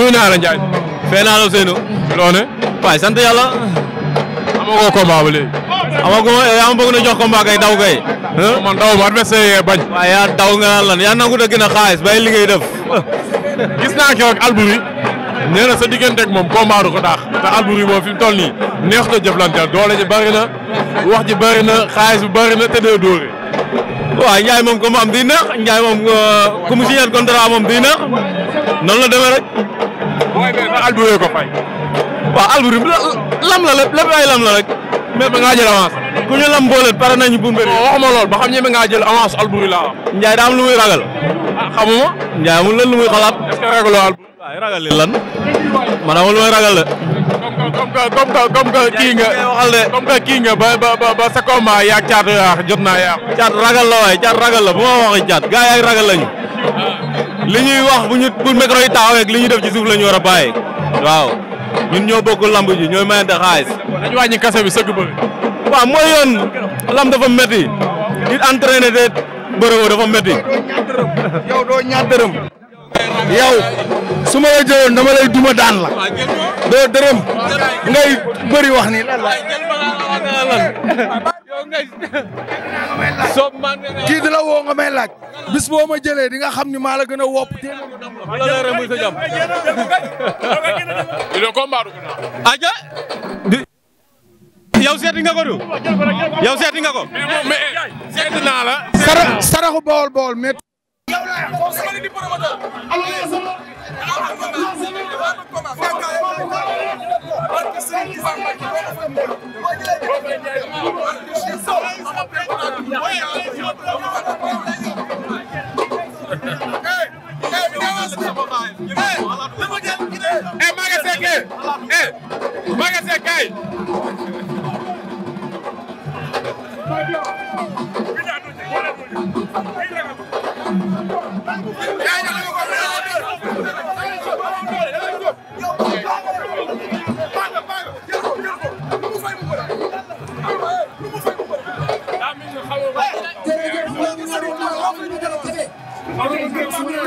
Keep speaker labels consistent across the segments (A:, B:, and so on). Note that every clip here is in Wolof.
A: nuyu naa la Ndiaye. fee naa la Seynou. loo ne. waaye sant yàlla. amagoo combat ba léegi. amagoo eh, yaa ma bëgg na jox combat kay daw kay. man daw ma adversaire yee bañ. waaye yaa daw nga naan lan yaa nangu da gën a bay liggéey def. gis naa keroog Alboury. nee na sa digganteeg moom combat du ko daax. te Alboury moom fi mu toll nii. neex na jëflanteel doole ji bëri na. wax ji bëri na xaalis bi bëri na te dee dóore. waaw Ndiaye moom ko mu di neex Ndiaye moom euh, mu signé contrat moom di neex noonu la demee Alboury ko lam la lépp lépp ay lam la rek. mais ba ngaa jël avance. ku ñu lam boole pare nañu bu mbir waxuma lool ba xam ñeme ngaa jël avance Alboury laa wax. lu muy ragal. Ah, xamuma. Ndiaye amul lan lu muy xalaat. est ce lan. man amul lu muy ragal la. comme que kii nga waxal de comme que kii nga ba ba ba sa yaag jot naa yaax. caat ragal la waaye caat ragal la bu ma waxee caat gars yaag ragal lañu. Ah. li ñuy wax bu ñu bu micro yi taawee li ñuy def ci suuf la ñu war a bàyyi waaw ñun ñoo bokk lamb ji ñooy mayante xaalis. dañu wàññi kase bi sëgg bëri. waaw mooy yoon lamb dafa métti di entraîné te bërëb dafa métti. yow doo ñaar la jëloon dama lay daan la. doo dërëm. ngay bëri wax ni lan la. kii di la woo nga may laaj. bis boo ma jëlee di nga xam ni maa la gën a wopp teel a dam la. loolu sa jàmm. di la combat du aja yow seeti nga ko du yow seeti nga ko. mais seeti naa la. sara saraxu bool bool mais. Magasé kay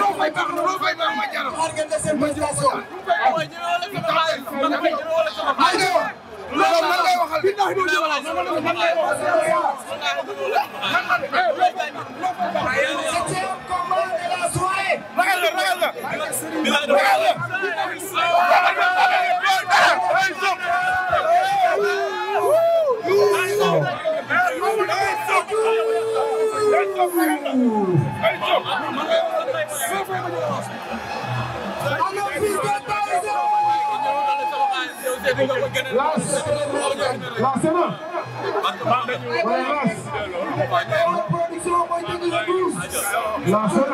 A: Lo fay baax na lo fay baax ma jaral La laas yéen a. wala laas. laas yéen a.